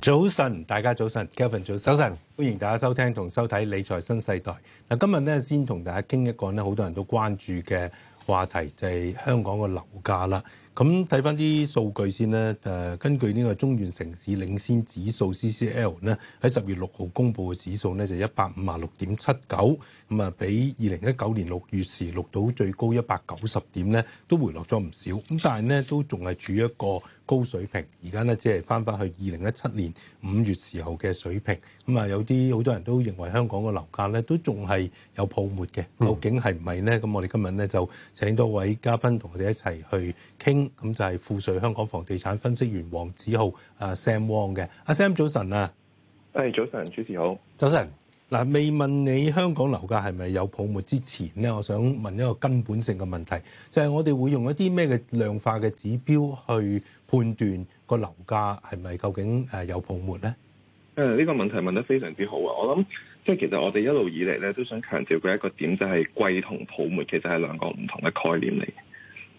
早晨，大家早晨，Kevin 早晨，早晨，歡迎大家收聽同收睇《理財新世代》。嗱，今日咧先同大家傾一個咧好多人都關注嘅話題，就係香港嘅樓價啦。咁睇翻啲數據先咧，誒，根據呢個中原城市領先指數 CCL 咧，喺十月六號公佈嘅指數咧就一百五十六點七九，咁啊，比二零一九年六月時錄到最高一百九十點咧，都回落咗唔少。咁但係咧，都仲係處於一個高水平，而家呢只係翻返去二零一七年五月時候嘅水平。咁啊，有啲好多人都認為香港嘅樓價呢都仲係有泡沫嘅，究竟係唔係呢？咁我哋今日呢，就請多位嘉賓同我哋一齊去傾。咁就係富瑞香港房地產分析員黃子浩啊 Sam Wong 嘅。阿 Sam 早晨啊，誒，早晨，主持好，早晨。嗱，未問你香港樓價係咪有泡沫之前咧，我想問一個根本性嘅問題，就係我哋會用一啲咩嘅量化嘅指標去判斷個樓價係咪究竟誒有泡沫咧？誒，呢個問題問得非常之好啊！我諗即係其實我哋一路以嚟咧都想強調嘅一個點，就係貴同泡沫其實係兩個唔同嘅概念嚟。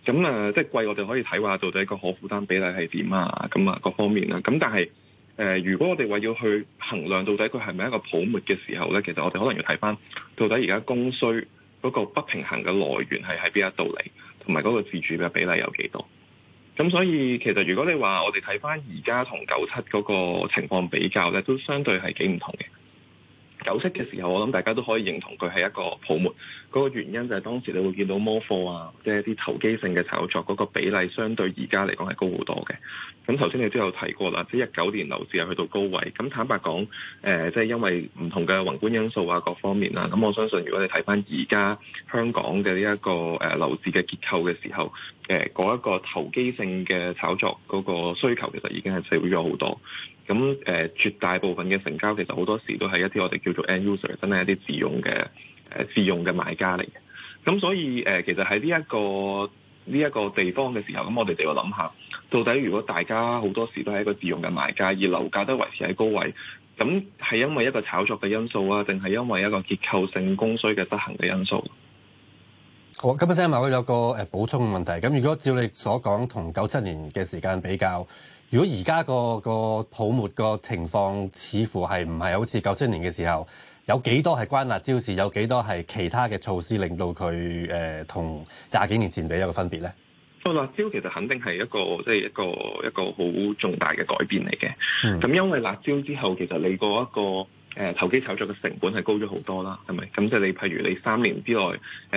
咁啊，即係貴我哋可以睇話到底個可負擔比例係點啊？咁啊，各方面啊。咁但係。誒、呃，如果我哋話要去衡量到底佢係咪一個泡沫嘅時候咧，其實我哋可能要睇翻到底而家供需嗰個不平衡嘅來源係喺邊一度嚟，同埋嗰個自主嘅比例有幾多。咁所以其實如果你話我哋睇翻而家同九七嗰個情況比較咧，都相對係幾唔同嘅。九息嘅時候，我諗大家都可以認同佢係一個泡沫。嗰個原因就係當時你會見到摸貨啊，或者一啲投機性嘅炒作，嗰個比例相對而家嚟講係高好多嘅。咁頭先你都有提過啦，即係一九年樓市係去到高位。咁坦白講，誒，即係因為唔同嘅宏觀因素啊，各方面啦。咁我相信如果你睇翻而家香港嘅呢一個誒樓市嘅結構嘅時候。誒，嗰一個投機性嘅炒作嗰、嗰個需求，其實已經係少咗好多。咁誒、呃，絕大部分嘅成交，其實好多時都係一啲我哋叫做 end user，真係一啲自用嘅誒、呃、自用嘅買家嚟嘅。咁所以誒、呃，其實喺呢一個呢一、呢個地方嘅時候，咁我哋就要諗下，到底如果大家好多時都係一個自用嘅買家，而樓價都維持喺高位，咁係因為一個炒作嘅因素啊，定係因為一個結構性供需嘅失衡嘅因素？好，咁阿 Sam 有個誒補充嘅問題。咁如果照你所講，同九七年嘅時間比較，如果而家個個泡沫個情況似乎係唔係好似九七年嘅時候，有幾多係關辣招事，有幾多係其他嘅措施令到佢誒同廿幾年前比有一個分別咧？個辣招其實肯定係一個即係、即係、一個一個好重大嘅改變嚟嘅。咁、嗯、因為辣招之後，其實你嗰一個誒投機炒作嘅成本係高咗好多啦，係咪？咁即係你，譬如你三年之內，誒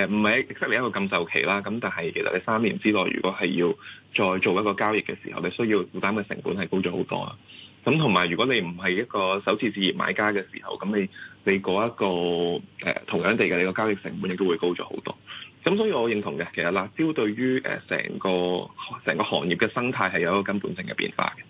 唔係 exactly 你一個禁售期啦。咁但係其實你三年之內，如果係要再做一個交易嘅時候，你需要負擔嘅成本係高咗好多啊。咁同埋，如果你唔係一個首次置業買家嘅時候，咁你你嗰、那、一個誒、呃、同樣地嘅你個交易成本亦都會高咗好多。咁所以我認同嘅，其實辣招對於誒成個成個行業嘅生態係有一個根本性嘅變化嘅。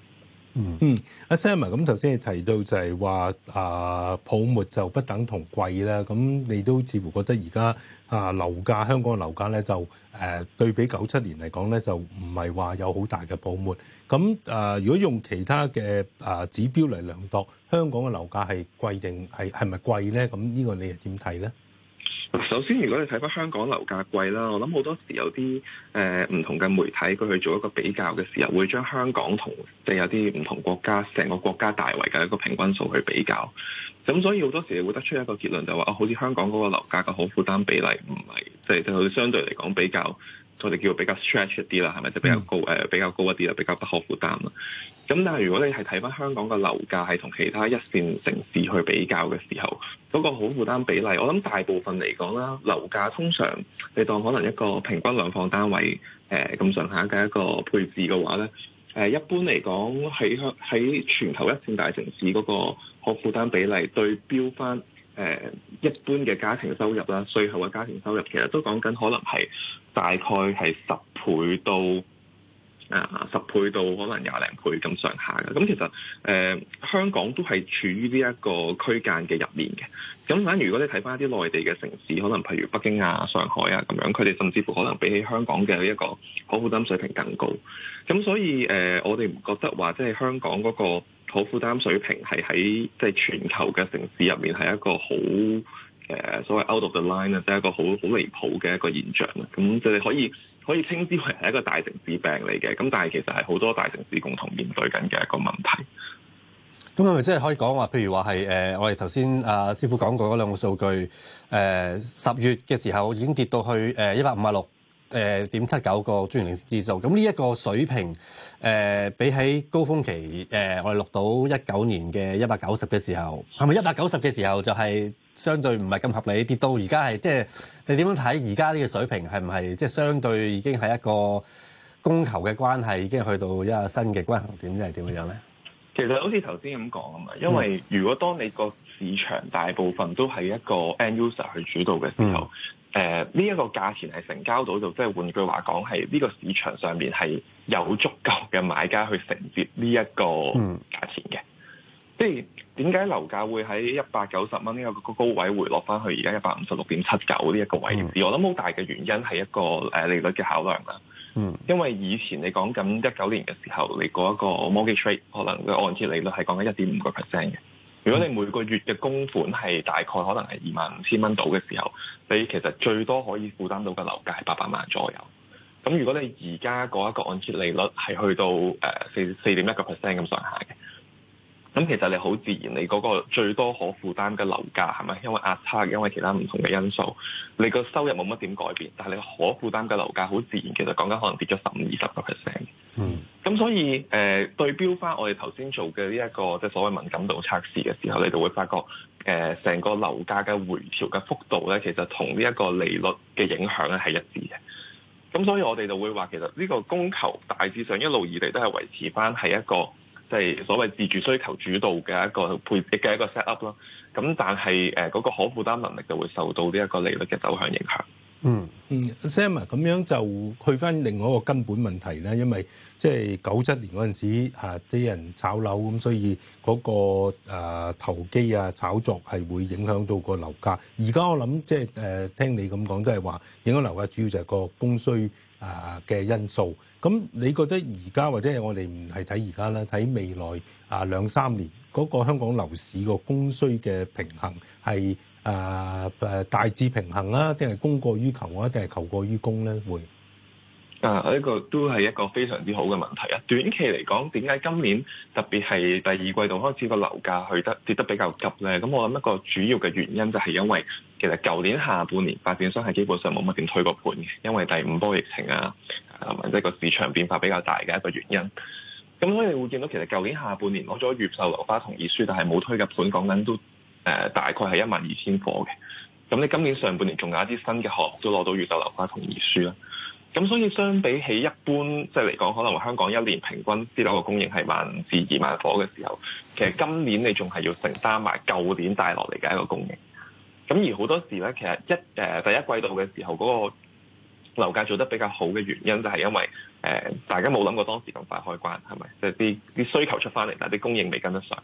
嗯，阿 Sam 咁頭先你提到就係話啊泡沫就不等同貴啦，咁你都似乎覺得而家啊樓價香港樓價咧就誒、啊、對比九七年嚟講咧就唔係話有好大嘅泡沫，咁誒、啊、如果用其他嘅誒指標嚟量度香港嘅樓價係貴定係係咪貴咧？咁呢個你又點睇咧？首先如果你睇翻香港樓價貴啦，我諗好多時有啲誒唔同嘅媒體佢去做一個比較嘅時候，會將香港同即係有啲唔同國家成個國家大圍嘅一個平均數去比較，咁所以好多時會得出一個結論就話哦、好似香港嗰個樓價嘅可負擔比例唔係即係佢相對嚟講比較。我哋叫做比較 stretch 一啲啦，係咪？就比較高，誒、呃、比較高一啲啦，比較不可負擔啦。咁但係如果你係睇翻香港嘅樓價係同其他一線城市去比較嘅時候，嗰、嗰個可負擔比例，我諗大部分嚟講啦，樓價通常你當可能一個平均兩房單位誒、咁上下嘅一個配置嘅話咧，誒、呃、一般嚟講喺喺全球一線大城市嗰個可負擔比例對標翻。誒、呃、一般嘅家庭收入啦，最後嘅家庭收入其實都講緊可能係大概係十倍到啊十倍到可能廿零倍咁上下嘅。咁、嗯、其實誒、呃、香港都係處於呢一個區間嘅入面嘅。咁、嗯、反而如果你睇翻一啲內地嘅城市，可能譬如北京啊、上海啊咁樣，佢哋甚至乎可能比起香港嘅呢一個可負擔水平更高。咁、嗯、所以誒、呃，我哋唔覺得話即係香港嗰、那個。個負擔水平係喺即係全球嘅城市入面係一個好誒、呃、所謂 out of the line 啊，即係一個好好離譜嘅一個現象。咁就係可以可以稱之為係一個大城市病嚟嘅。咁但係其實係好多大城市共同面對緊嘅一個問題。咁係咪即係可以講話，譬如話係誒，我哋頭先阿師傅講過嗰兩個數據，呃、十月嘅時候已經跌到去誒一百五啊六。呃誒點七九個專營零售指數，咁呢一個水平誒、呃，比起高峰期誒、呃，我哋錄到一九年嘅一百九十嘅時候，係咪一百九十嘅時候就係相對唔係咁合理跌到？而家係，即係你點樣睇？而家呢個水平係唔係，即係相對已經係一個供求嘅關係已經去到一個新嘅均衡點怎，即係點樣咧？其實好似頭先咁講啊嘛，因為如果當你個市場大部分都係一個 end user 去主導嘅時候，嗯誒呢一個價錢係成交到度，即係換句話講，係呢個市場上面係有足夠嘅買家去承接呢一個價錢嘅。即係點解樓價會喺一百九十蚊呢個高高位回落翻去而家一百五十六點七九呢一個位置？我諗好大嘅原因係一個誒利率嘅考量啦。嗯，因為以前你講緊一九年嘅時候，你嗰一個 mortgage rate 可能嘅按揭利率係講緊一點五個 percent 嘅。如果你每個月嘅供款係大概可能係二萬五千蚊到嘅時候，你其實最多可以負擔到嘅樓價係八百萬左右。咁如果你而家嗰一個按揭利率係去到誒四四點一個 percent 咁上下嘅，咁其實你好自然，你嗰個最多可負擔嘅樓價係咪因為壓差，因為其他唔同嘅因素，你個收入冇乜點改變，但係你可負擔嘅樓價好自然，其實講緊可能跌咗十五二十個 percent。咁所以，誒、呃、對標翻我哋頭先做嘅呢一個即係、就是、所謂敏感度測試嘅時候，你就會發覺，誒、呃、成個樓價嘅回調嘅幅度咧，其實同呢一個利率嘅影響咧係一致嘅。咁所以，我哋就會話，其實呢個供求大致上一路以嚟都係維持翻係一個即係、就是、所謂自住需求主導嘅一個配置嘅一個 set up 咯。咁但係誒嗰個可負擔能力就會受到呢一個利率嘅走向影響。嗯嗯，Sam 啊，咁樣就去翻另外一個根本問題咧，因為即係九七年嗰陣時啲、啊、人炒樓咁，所以嗰、個、啊、投機啊炒作係會影響到個樓價。而家我諗即係誒聽你咁講都係話影響樓價，主要就係個供需啊嘅因素。咁你覺得而家或者係我哋唔係睇而家啦，睇未來啊兩三年嗰、個香港樓市個供需嘅平衡係？啊誒、呃、大致平衡啦、啊，定係供過於求啊，定係求過於供咧？會啊，呢、這個都係一個非常之好嘅問題啊！短期嚟講，點解今年特別係第二季度開始個樓價去得跌得比較急咧？咁我諗一個主要嘅原因就係因為其實舊年下半年發展商係基本上冇乜點推過盤嘅，因為第五波疫情啊，啊，即係個市場變化比較大嘅一個原因。咁我哋會見到其實舊年下半年攞咗預售樓花同意書，但係冇推嘅盤，講緊都，誒，大概係一萬二千夥嘅，咁你今年上半年仲有一啲新嘅項目都攞到預售樓花同意書啦，咁所以相比起一般即係嚟講，可能香港一年平均私樓嘅供應係萬至二萬夥嘅時候，其實今年你仲係要承擔埋舊年帶落嚟嘅一個供應，咁而好多時咧，其實一誒第一季度嘅時候嗰、那個樓價做得比較好嘅原因，就係因為誒、呃、大家冇諗過當時咁快開關係咪？即係啲啲需求出翻嚟，但係啲供應未跟得上。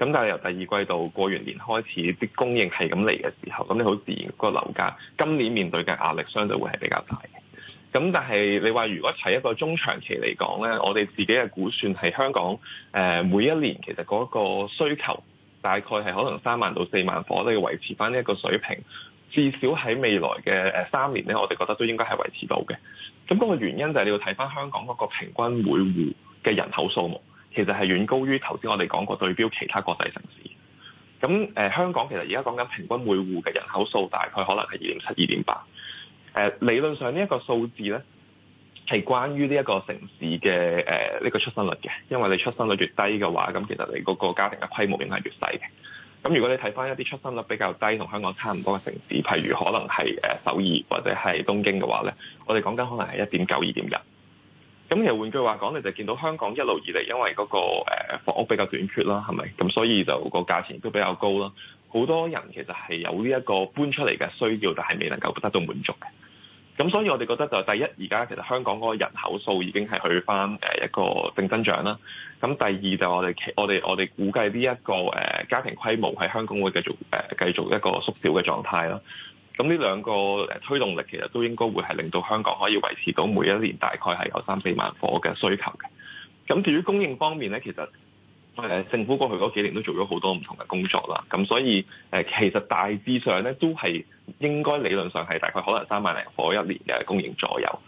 咁但係由第二季度過完年開始，啲供應係咁嚟嘅時候，咁你好自然個樓價今年面對嘅壓力相對會係比較大嘅。咁但係你話如果睇一個中長期嚟講咧，我哋自己嘅估算係香港、呃、每一年其實嗰個需求大概係可能三萬到四萬夥都要維持翻呢一個水平，至少喺未來嘅呃、三年咧，我哋覺得都應該係維持到嘅。咁、那、嗰個原因就係你要睇翻香港嗰個平均每戶嘅人口數目。其實係遠高於頭先我哋講過對標其他國際城市。咁誒、呃、香港其實而家講緊平均每戶嘅人口數，大概可能係二點七二點八。誒、呃、理論上這個數字呢一個數字咧，係關於呢一個城市嘅誒呢個出生率嘅，因為你出生率越低嘅話，咁其實你嗰個家庭嘅規模應該係越細嘅。咁如果你睇返一啲出生率比較低同香港差唔多嘅城市，譬如可能係誒首爾或者係東京嘅話咧，我哋講緊可能係一點九二點一。咁其實換句話講，你就見到香港一路以嚟，因為嗰個呃房屋比較短缺啦，係咪？咁所以就個價錢都比較高啦。好多人其實係有呢一個搬出嚟嘅需要，但係未能夠得到滿足嘅。咁所以我哋覺得就第一，而家其實香港嗰個人口數已經係去翻呃一個正增長啦。咁第二就我哋我哋我哋估計呢一個呃家庭規模喺香港會繼續，呃，繼續一個縮小嘅狀態啦。咁呢兩個推動力其實都應該會係令到香港可以維持到每一年大概係有三四萬伙嘅需求嘅。咁至於供應方面咧，其實政府過去嗰幾年都做咗好多唔同嘅工作啦。咁所以其實大致上咧都係應該理論上係大概可能三萬零伙一年嘅供應左右。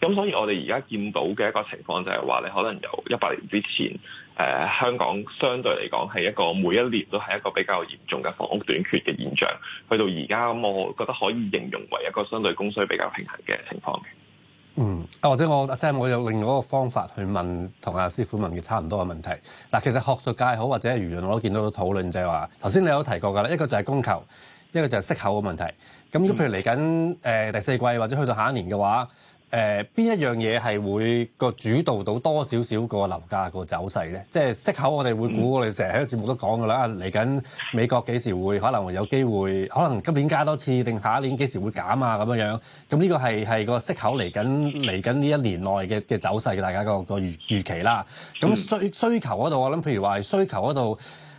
咁所以，我哋而家見到嘅一個情況就係話，你可能由一百年之前，誒、呃，香港相對嚟講，係一個每一年都係一個比較嚴重嘅房屋短缺嘅現象，去到而家咁，我覺得可以形容為一個相對供需比較平衡嘅情況。嘅。嗯，或者我阿 Sam，我有另外一個方法去問同阿師傅問嘅差唔多嘅問題。嗱，其實學術界好或者係輿論我都見到討論就係、是、話，頭先你有提過噶啦，一個就係供求，一個就係息口嘅問題。咁譬如嚟緊誒第四季或者去到下一年嘅話。誒邊、呃、一樣嘢係會個主導到多少少個樓價個走勢咧？即係息口，我哋會估，嗯、我哋成日喺個節目都講噶啦。嚟、啊、緊美國幾時會可能會有機會？可能今年加多次，定下一年幾時會減啊？咁樣樣咁呢、這個係係個息口嚟緊嚟緊呢一年內嘅嘅走勢，大家個個預預期啦。咁需需求嗰度，我諗譬如話係需求嗰度。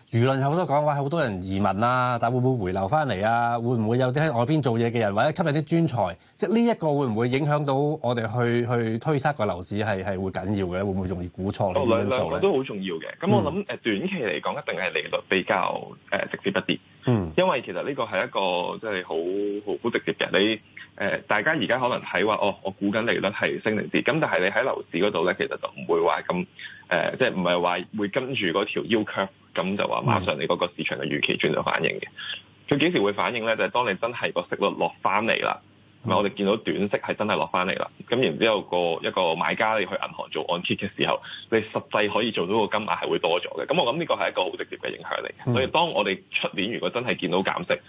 輿論有好多講話，好多人移民啊，但會唔會回流翻嚟啊？會唔會有啲喺外邊做嘢嘅人，或者吸引啲專才？即係呢一個會唔會影響到我哋去去推測個樓市係係會緊要嘅？會唔會容易估錯呢啲因素咧？兩個都好重要嘅。咁我諗短期嚟講，嗯、一定係利率比較直接一啲，嗯。因為其實呢個係一個即係好好好直接嘅。你、呃、大家而家可能睇話哦，我估緊利率係升定跌。咁但係你喺樓市嗰度咧，其實就唔會話咁即係唔係話會跟住嗰條 U 曲。咁就話馬上你嗰個市場嘅預期轉咗反應嘅，佢幾時會反應咧？就係、是、當你真係個息率落翻嚟啦，咁我哋見到短息係真係落翻嚟啦，咁然之後個一個買家你去銀行做按揭嘅時候，你實際可以做到個金額係會多咗嘅，咁我諗呢個係一個好直接嘅影響嚟嘅，所以當我哋出年如果真係見到減息。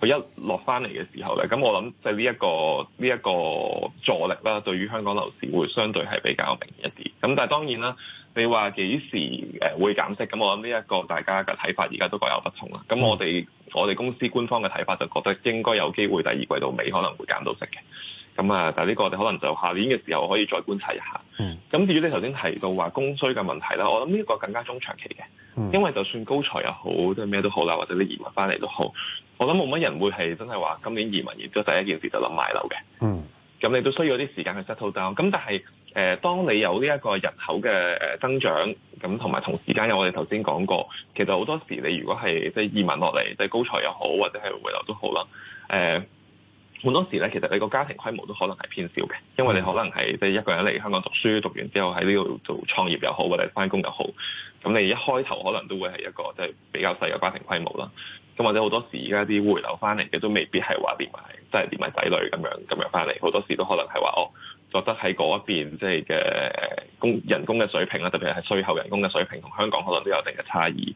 佢一落翻嚟嘅時候咧，咁我諗就呢一個呢一個助力啦，對於香港樓市會相對係比較明顯一啲。咁但係當然啦，你話幾時誒會減息？咁我諗呢一個大家嘅睇法而家都各有不同啦。咁我哋我哋公司官方嘅睇法就覺得應該有機會第二季度尾可能會減到息嘅。咁啊，但係呢個我哋可能就下年嘅時候可以再觀察一下。咁、mm. 至於你頭先提到話供需嘅問題啦，我諗呢個更加中長期嘅，mm. 因為就算高才又好，即係咩都好啦，或者你移民翻嚟都好，我諗冇乜人會係真係話今年移民，然之後第一件事就諗買樓嘅。咁、mm. 你都需要啲時間去 settle down。咁但係誒，當你有呢一個人口嘅增長，咁同埋同時間，有我哋頭先講過，其實好多時你如果係即係移民落嚟，即係高才又好，或者係回流都好啦，呃好多時咧，其實你個家庭規模都可能係偏少嘅，因為你可能係即係一個人嚟香港讀書，讀完之後喺呢度做創業又好，或者翻工又好，咁你一開頭可能都會係一個即係比較細嘅家庭規模啦。咁或者好多時而家啲回流翻嚟嘅都未必係話連埋即係連埋仔女咁樣咁樣翻嚟，好多時都可能係話我覺得喺嗰邊即係嘅工人工嘅水平啦，特別係係稅後人工嘅水平同香港可能都有一定嘅差異。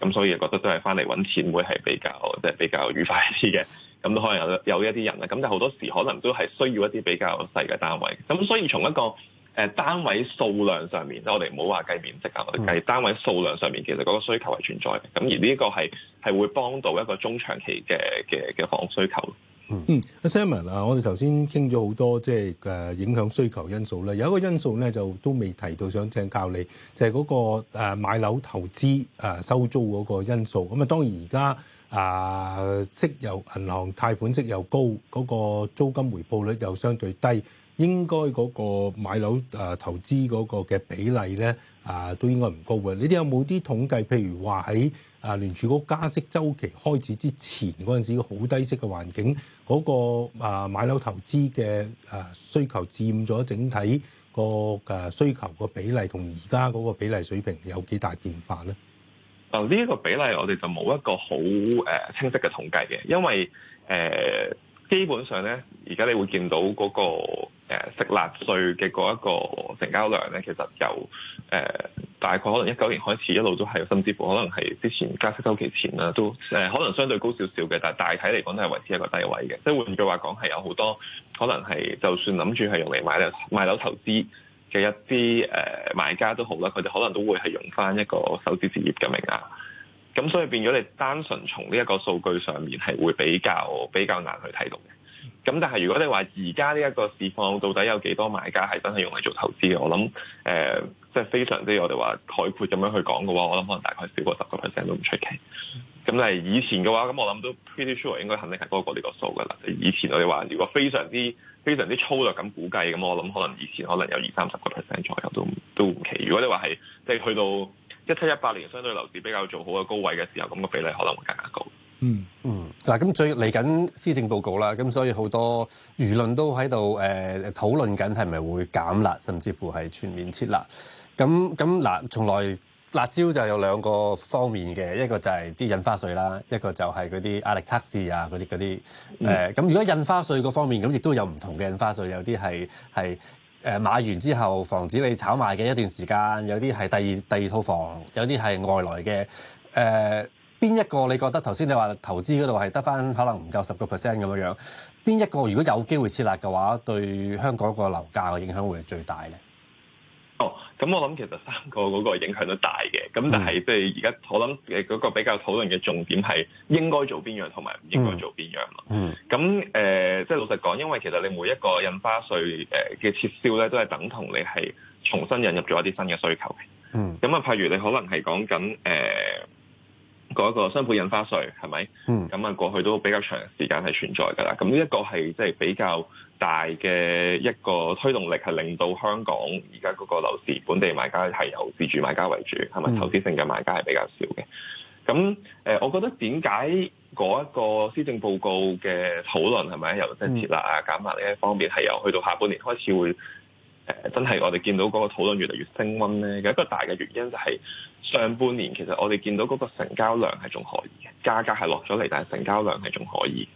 咁所以覺得都係翻嚟揾錢會係比較即係比較愉快啲嘅。咁都可能有有一啲人咧，咁就好多時可能都係需要一啲比較細嘅單位。咁所以從一個誒單位數量上面，即係我哋唔好話計面積啊，我哋計單位數量上面，其實嗰個需求係存在嘅。咁而呢個係係會幫到一個中長期嘅嘅嘅房屋需求。嗯，阿 Simon 啊，我哋頭先傾咗好多即係誒影響需求因素咧，有一個因素咧就都未提到，想請教你，就係嗰個誒買樓投資誒收租嗰個因素。咁啊，當然而家。啊，息又銀行貸款息又高，嗰個租金回報率又相對低，應該嗰個買樓、啊、投資嗰個嘅比例咧啊都應該唔高嘅。你哋有冇啲統計？譬如話喺啊聯儲局加息週期開始之前嗰陣時好低息嘅環境，嗰個啊買樓投資嘅啊需求佔咗整體個啊需求個比例，同而家嗰個比例水平有幾大變化咧？啊！呢一個比例我哋就冇一個好誒清晰嘅統計嘅，因為誒、呃、基本上咧，而家你會見到嗰、那個、呃、食納稅嘅嗰一個成交量咧，其實由誒、呃、大概可能一九年開始一路都係，甚至乎可能係之前加息週期前啦，都誒、呃、可能相對高少少嘅，但大體嚟講都係維持一個低位嘅。即係換句話講，係有好多可能係就算諗住係用嚟買，買樓買樓投資。嘅一啲呃、買家都好啦，佢哋可能都會係用翻一個首次置業嘅名額，咁所以變咗你單純從呢一個數據上面係會比較比較難去睇到嘅。咁但係如果你話而家呢一個市況到底有幾多買家係真係用嚟做投資嘅？我諗呃、即係非常之我哋話概括咁樣去講嘅話，我諗可能大概少過十個 percent 都唔出奇。咁但係以前嘅話，咁我諗都 pretty sure 應該肯定係多過呢個數噶啦。即係、以前我哋話如果非常之非常之粗略咁估計，咁我諗可能以前可能有二三十個 percent 左右都都唔奇。如果你話係即係去到一七一八年相對樓市比較做好嘅高位嘅時候，咁個比例可能會更加高。嗯嗯，嗱、嗯，咁最嚟緊施政報告啦，咁所以好多輿論都喺度誒討論緊係咪會減辣，甚至乎係全面撤辣。咁咁嗱，從來。辣招就有兩個方面嘅，一個就係啲印花稅啦，一個就係嗰啲壓力測試啊，嗰啲嗰啲誒。咁如果印花稅嗰方面咁，亦都有唔同嘅印花稅，有啲係係誒買完之後防止你炒賣嘅一段時間，有啲係第二第二套房，有啲係外來嘅誒。邊一個你覺得頭先你話投資嗰度係得返可能唔夠十個 percent 咁樣樣？邊一個如果有機會設立嘅話，對香港個樓價嘅影響會係最大咧？咁、哦、我諗其實三個嗰個影響都大嘅，咁但係即係而家我諗嗰個比較討論嘅重點係應該做邊樣同埋唔應該做邊樣，咁誒，即係、嗯嗯呃即係、老實講，因為其實你每一個印花稅誒嘅撤銷咧，都係等同你係重新引入咗一啲新嘅需求嘅。咁啊、嗯，譬如你可能係講緊誒。呃嗰一個新盤印花稅係咪？咁啊，過去都比較長時間係存在㗎啦。咁呢一個係即係比較大嘅一個推動力，係令到香港而家嗰個樓市本地買家係由自住買家為主，係咪投資性嘅買家係比較少嘅？咁誒，我覺得點解嗰一個施政報告嘅討論係咪由即係設立啦、減壓呢一方面係由去到下半年開始會？真係我哋見到嗰個討論越嚟越升溫咧，嘅一個大嘅原因就係上半年其實我哋見到嗰個成交量係仲可以嘅，價格係落咗嚟，但係成交量係仲可以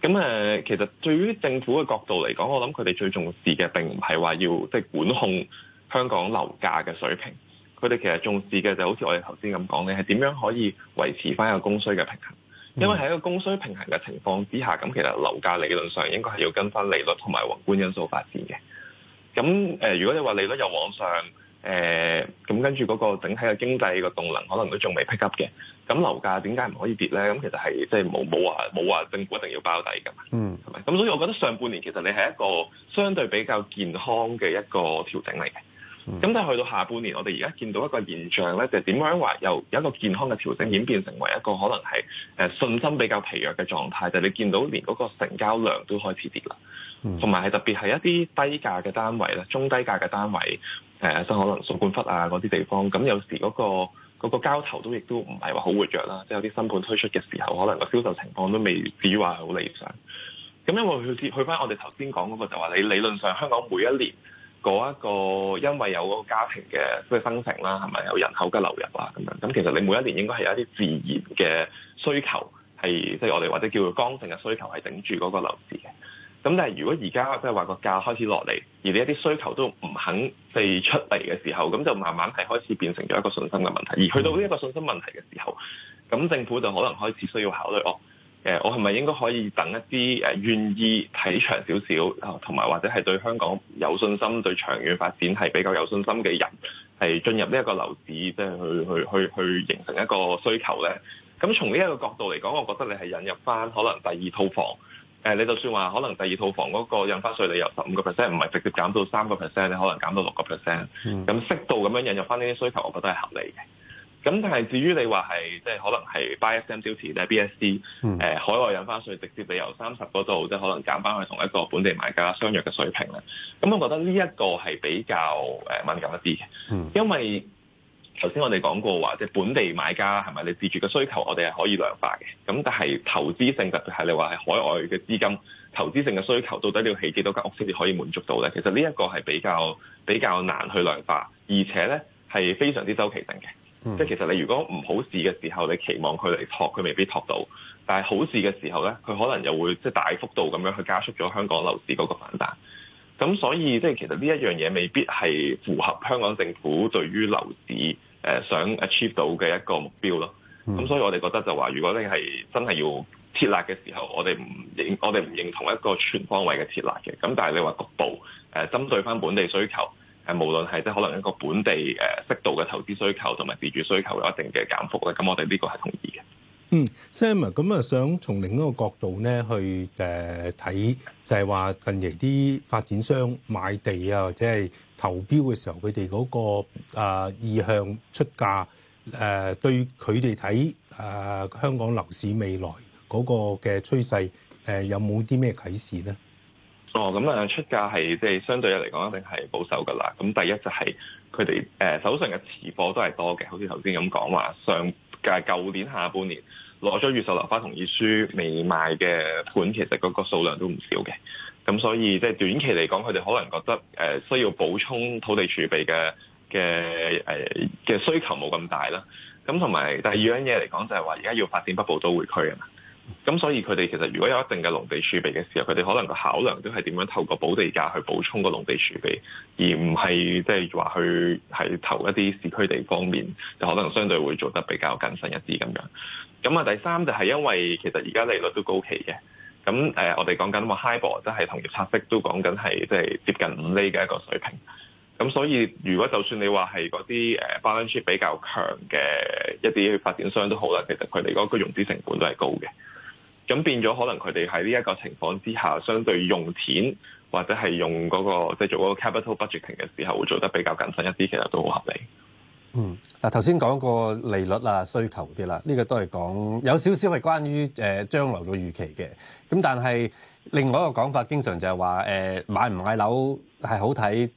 嘅。咁誒、呃，其實對於政府嘅角度嚟講，我諗佢哋最重視嘅並唔係話要即係管控香港樓價嘅水平，佢哋其實重視嘅就係好似我哋頭先咁講你係點樣可以維持翻一個供需嘅平衡？因為喺一個供需平衡嘅情況之下，咁其實樓價理論上應該係要跟翻利率同埋宏觀因素發展嘅。咁誒、呃，如果你話利率又往上，誒、呃，咁跟住嗰個整體嘅經濟個動能可能都仲未 pick up 嘅，咁樓價點解唔可以跌咧？咁其實係即係冇冇話冇話政府一定要包底噶嘛，係咪、嗯？咁所以我覺得上半年其實你係一個相對比較健康嘅一個調整嚟嘅。咁、嗯、但係去到下半年，我哋而家見到一個現象咧，就點、是、樣話由有一個健康嘅調整，演變成為一個可能係誒信心比較疲弱嘅狀態。就是、你見到連嗰個成交量都開始跌啦，同埋係特別係一啲低價嘅單位咧，中低價嘅單位誒，即、呃、可能數管忽啊嗰啲地方。咁有時嗰、那個嗰、那個、交投都亦都唔係話好活躍啦，即、就是、有啲新盤推出嘅時候，可能個銷售情況都未至於話係好理想。咁因為去翻我哋頭先講嗰個就話，你理論上香港每一年。嗰一個因為有個家庭嘅即係生成啦，係咪有人口嘅流入啊？咁樣咁其實你每一年應該係有一啲自然嘅需求，係即係我哋或者叫做剛性嘅需求係頂住嗰個樓市嘅。咁但係如果而家即係話個價開始落嚟，而你一啲需求都唔肯畀出嚟嘅時候，咁就慢慢係開始變成咗一個信心嘅問題。而去到呢一個信心問題嘅時候，咁政府就可能開始需要考慮哦。誒，我係咪應該可以等一啲誒願意睇長少少，同埋或者係對香港有信心、對長遠發展係比較有信心嘅人，係進入呢一個樓市，即係去去去去形成一個需求咧？咁從呢一個角度嚟講，我覺得你係引入翻可能第二套房，誒，你就算話可能第二套房嗰個印花稅，你由十五個 percent 唔係直接減到三個 percent，你可能減到六個 percent，咁適度咁樣引入翻呢啲需求，我覺得係合理嘅。咁但係至於你話係即係可能係 Buy S M 消持咧，B S C、呃、海外印花稅，直接你由三十嗰度即係可能減翻去同一個本地買家相約嘅水平咧。咁我覺得呢一個係比較、呃、敏感一啲嘅，嗯、因為頭先我哋講過話，即係本地買家係咪你自住嘅需求，我哋係可以量化嘅。咁但係投資性特別係你話係海外嘅資金投資性嘅需求，到底你要起幾多間屋先至可以滿足到咧？其實呢一個係比較比較難去量化，而且咧係非常之周期性嘅。即係、嗯、其實你如果唔好事嘅時候，你期望佢嚟托佢未必托到；但係好事嘅時候咧，佢可能又會即係大幅度咁樣去加速咗香港樓市嗰個反彈。咁所以即係其實呢一樣嘢未必係符合香港政府對於樓市誒、呃、想 achieve 到嘅一個目標咯。咁、嗯、所以我哋覺得就話，如果你係真係要撤辣嘅時候，我哋唔認我哋唔認同一個全方位嘅撤辣嘅。咁但係你話局部誒、呃、針對翻本地需求。誒，無論係即係可能一個本地誒適度嘅投資需求同埋自住需求有一定嘅減幅咧，咁我哋呢個係同意嘅。嗯，Sam 啊，咁啊想從另一個角度咧去誒睇，就係、是、話近期啲發展商買地啊，或者係投標嘅時候，佢哋嗰個、啊、意向出價誒、啊，對佢哋睇誒香港樓市未來嗰個嘅趨勢誒、啊，有冇啲咩啟示咧？哦，咁啊，出價係即係相對嚟講一定係保守噶啦。咁第一就係佢哋誒手上嘅持貨都係多嘅，好似頭先咁講話，上誒舊年下半年攞咗預售樓花同意書未賣嘅盤，其實嗰個數量都唔少嘅。咁所以即係、就是、短期嚟講，佢哋可能覺得誒、呃、需要補充土地儲備嘅嘅嘅需求冇咁大啦。咁同埋，第二樣嘢嚟講就係話，而家要發展北部都會區啊。咁所以佢哋其實如果有一定嘅農地儲備嘅時候，佢哋可能個考量都係點樣透過補地價去補充個農地儲備，而唔係即係話去係投一啲市區地方面，就可能相對會做得比較謹慎一啲咁樣。咁啊第三就係因為其實而家利率都高企嘅，咁誒我哋講緊話 HIBOR 都係同業拆息都講緊係即係接近五厘嘅一個水平。咁所以如果就算你話係啲誒 balance sheet 比較強嘅一啲發展商都好啦，其實佢哋嗰個融資成本都係高嘅。咁變咗，可能佢哋喺呢一個情況之下，相對用錢或者係用嗰個，即係做嗰個 capital budgeting 嘅時候，會做得比較謹慎一啲，其實都好合理。嗯，嗱頭先講個利率啊、需求啲啦，呢個都係講有少少係關於誒將來嘅預期嘅。咁但係另外一個講法，經常就係話誒買唔買樓係好睇。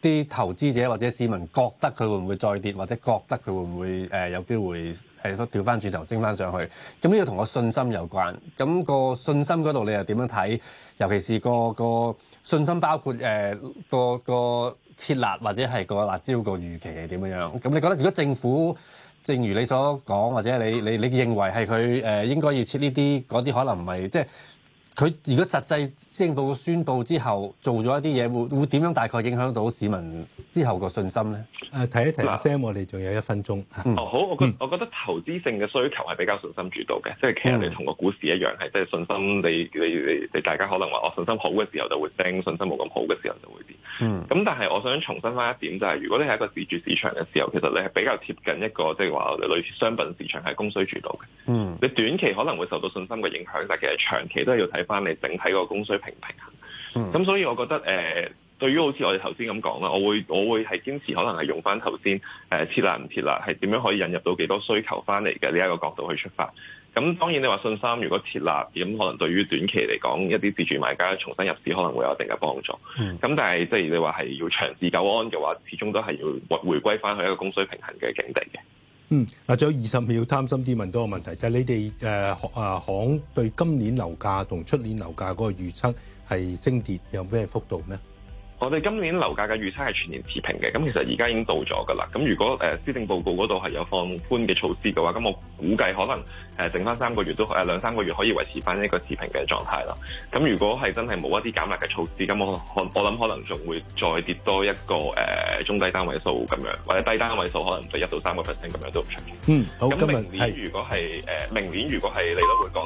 啲投資者或者市民覺得佢會唔會再跌，或者覺得佢會唔會誒、呃、有機會誒、呃、調翻轉頭升翻上去？咁呢個同個信心有關。咁、那個信心嗰度你又點樣睇？尤其是個個信心包括誒、呃、個個撤辣或者係個辣招個預期係點樣樣？咁你覺得如果政府正如你所講，或者你你你認為係佢誒應該要撤呢啲嗰啲，可能唔係即係。佢如果實際司到宣佈之後做咗一啲嘢，會會點樣大概影響到市民之後個信心咧？誒、啊，提一提阿、啊、我哋仲有一分鐘。嗯、哦，好，我覺得、嗯、我覺得投資性嘅需求係比較信心主導嘅，嗯、即係其實你同個股市一樣係，係即係信心你，你你你大家可能話我信心好嘅時候就會升，信心冇咁好嘅時候就會跌。嗯。咁但係我想重申翻一點、就是，就係如果你係一個自住市場嘅時候，其實你係比較貼近一個即係話類似商品市場係供需主導嘅。嗯。你短期可能會受到信心嘅影響，但其實長期都係要睇。翻嚟整體個供需平平衡，咁、嗯、所以我覺得誒、呃，對於好似我哋頭先咁講啦，我會我會係堅持可能係用翻頭先誒，設、呃、立唔設立係點樣可以引入到幾多需求翻嚟嘅呢一個角度去出發。咁當然你話信三如果設立，咁可能對於短期嚟講，一啲自住買家重新入市可能會有一定嘅幫助。咁、嗯、但係即係你話係要長治久安嘅話，始終都係要回歸翻去一個供需平衡嘅境地嘅。嗯，嗱，仲有二十秒，貪心啲問多個問題，就係你哋誒，行對今年樓價同出年樓價嗰個預測係升跌有咩幅度咧？我哋今年樓價嘅預測係全年持平嘅，咁其實而家已經到咗噶啦。咁如果呃、施政報告嗰度係有放寬嘅措施嘅話，咁我估計可能、呃、剩翻三個月都呃、兩三個月可以維持翻一個持平嘅狀態啦。咁如果係真係冇一啲減壓嘅措施，咁我我諗可能仲會再跌多一個誒、呃、中低單位數咁樣，或者低單位數可能就一到三個 percent 咁樣都唔出現。嗯，好。咁明年如果係誒、呃、明年如果係你都會降。